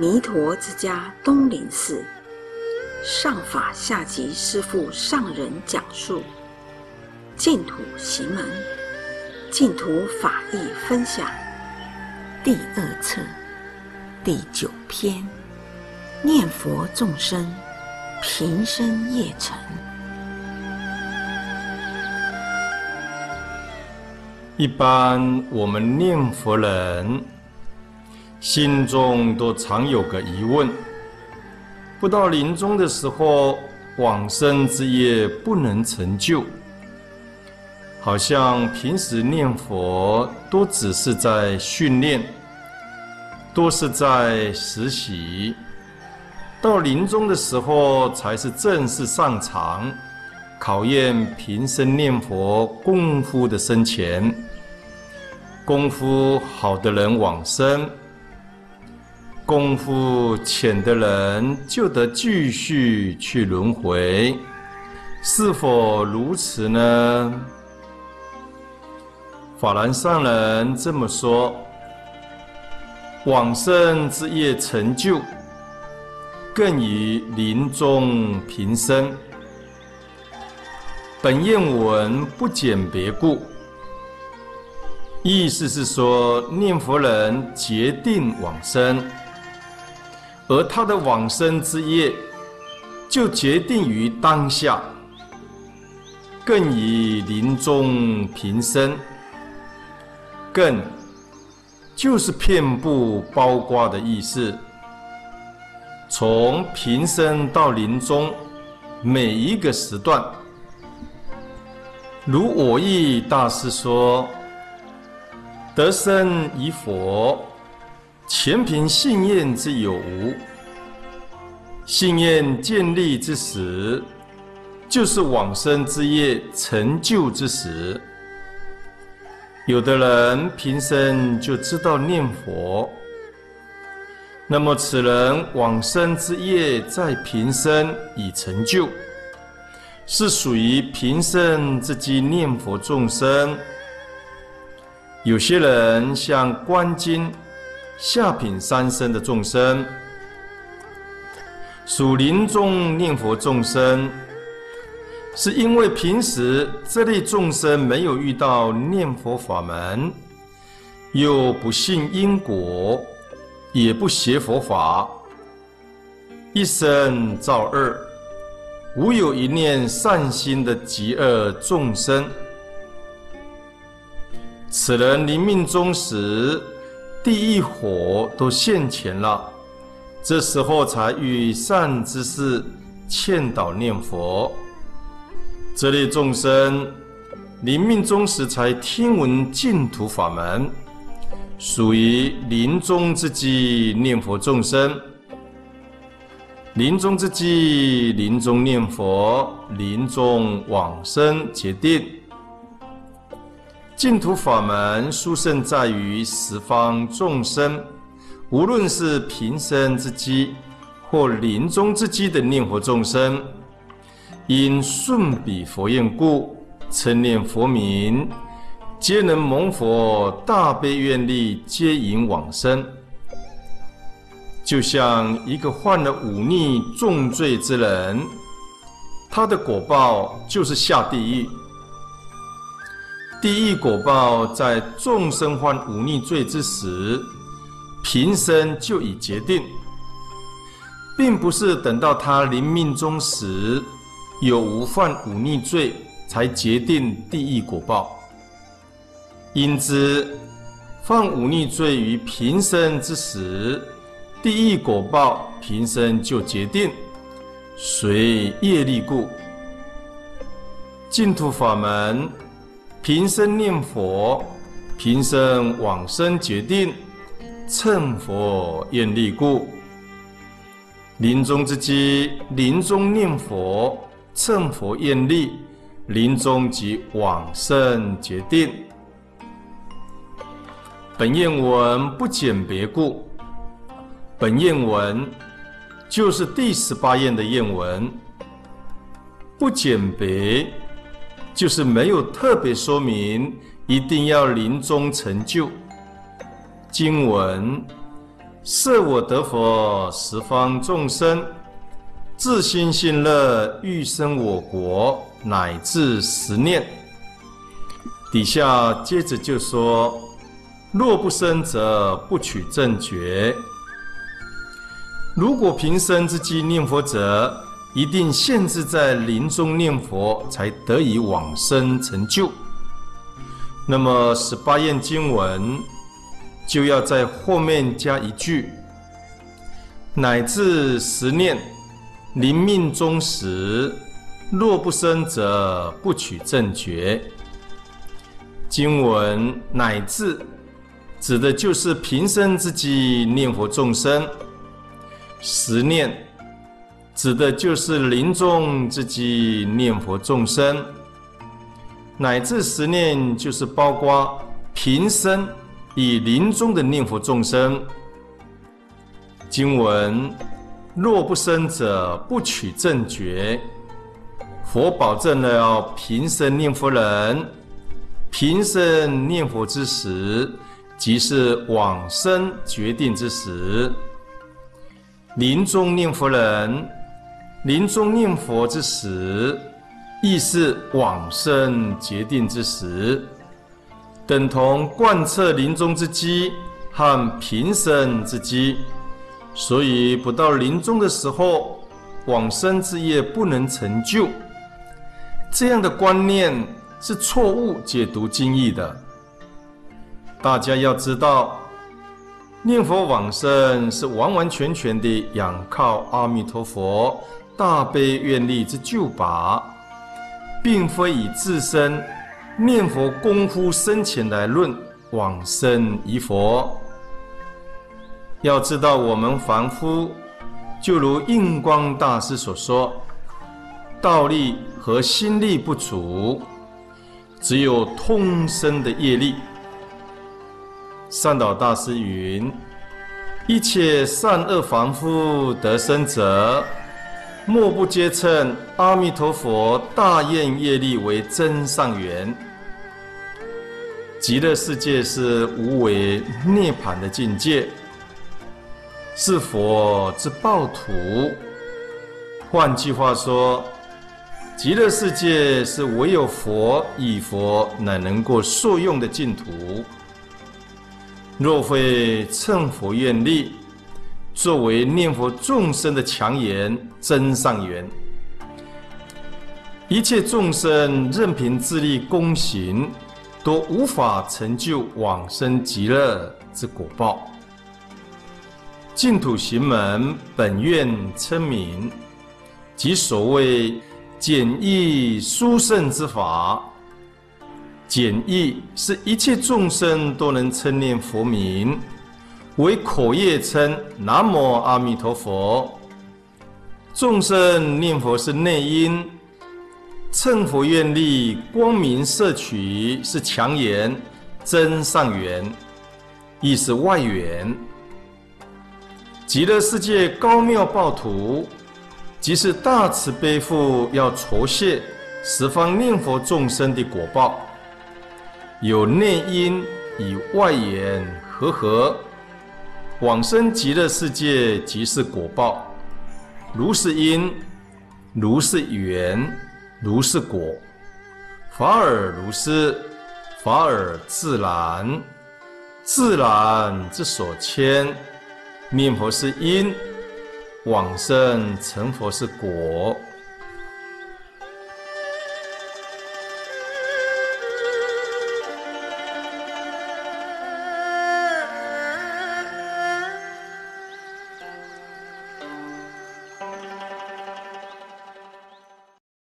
彌陀之家東林寺上法下寂師父上人講述《淨土行門》淨土法義分享第二冊第九篇：念佛眾生，平生業成。一般我們念佛人。心中都常有個疑問：不到臨終的時候，往生之業不能成就。好像平時念佛都只是在訓練，都是在實習。到臨終的時候才是正式上場，考驗平生念佛功夫的深淺。功夫好的人往生。功夫淺的人就得繼續去輪迴，是否如此呢？法然上人這麼說：往生之業成就，更於臨終平生。本願文不簡別故，意思是說念佛人決定往生。而他的往生之業，就決定於當下。更以臨終、平生，更就是遍布包括的意思。從平生到臨終，每一個時段，如蕅益大師說，得生與否。全憑信念之有無，信念建立之時，就是往生之業成就之時。有的人平生就知道念佛，那麼此人往生之業在平生已成就，是屬於平生之機念佛眾生。有些人像觀經。下品三生的眾生，屬臨終念佛眾生，是因為平時這類眾生沒有遇到念佛法門，又不信因果，也不學佛法，一生造惡，無有一念善心的極惡眾生，此人臨命終時。地獄火都現前了，這時候才遇善知識勸導念佛。這類眾生臨命終時才聽聞淨土法門，屬於臨終之際念佛眾生。臨終之際，臨終念佛，臨終往生決定。淨土法門殊勝在於十方眾生，無論是平生之機或臨終之機的念佛眾生，因順彼佛願故，稱念佛名，皆能蒙佛大悲願力接引往生。就像一個犯了忤逆重罪之人，他的果報就是下地獄。地獄果報在眾生犯忤逆罪之時，平生就已決定，並不是等到他臨命終時有無犯忤逆罪才決定地獄果報。因之，犯忤逆罪於平生之時，地獄果報平生就決定，隨業力故。淨土法門。平生念佛，平生往生決定，乘佛願力故。臨終之機，臨終念佛，乘佛願力，臨終及往生決定。本願文不簡別故，本願文就是第十八願的願文，不簡別。就是沒有特別說明，一定要臨終成就。經文，設我得佛，十方眾生，至心信樂，欲生我國，乃至十念。底下接着就說：若不生者，不取正覺。如果平生之機念佛者。一定限制在臨終念佛，才得以往生成就。那麼十八願經文就要在後面加一句：“乃至十念，臨命終時，若不生者，不取正覺。”經文“乃至”指的就是平生之際念佛眾生，十念。指的就是臨終之際念佛眾生，乃至十念就是包括平生與臨終的念佛眾生。經文若不生者，不取正覺。佛保證了要平生念佛人，平生念佛之時，即是往生決定之時。臨終念佛人，臨終念佛之時，亦是往生決定之時，等同貫徹臨終之機和平生之機。所以不到臨終的時候，往生之業不能成就。這樣的觀念是錯誤解讀經義的。大家要知道，念佛往生是完完全全地仰靠阿彌陀佛，大悲願力之救拔，並非以自身念佛功夫深淺來論往生與否。要知道，我們凡夫就如印光大師所說，道力和心力不足，只有通身的業力。善導大師云：“一切善惡凡夫得生者。”莫不皆乘阿彌陀佛大願業力為增上緣，極樂世界是無為涅槃的境界，是佛之報土。換句話說，極樂世界是唯有佛與佛乃能夠受用的淨土。若非乘佛願力，作為念佛眾生的強緣，增上緣，一切眾生任憑自力功行，都無法成就往生極樂之果報。淨土行門本願稱名，即所謂簡易殊勝之法。簡易是一切眾生都能稱念佛名。為口業稱南無阿彌陀佛，眾生念佛是內因，乘佛願力光明攝取是強緣、增上緣亦是外緣。極樂世界高妙報土即是大慈悲父要酬謝十方念佛眾生的果報，有內因與外緣和合。往生極樂世界即是果報，如是因，如是緣，如是果，法爾如是，法爾自然，自然之所牽，念佛是因，往生成佛是果。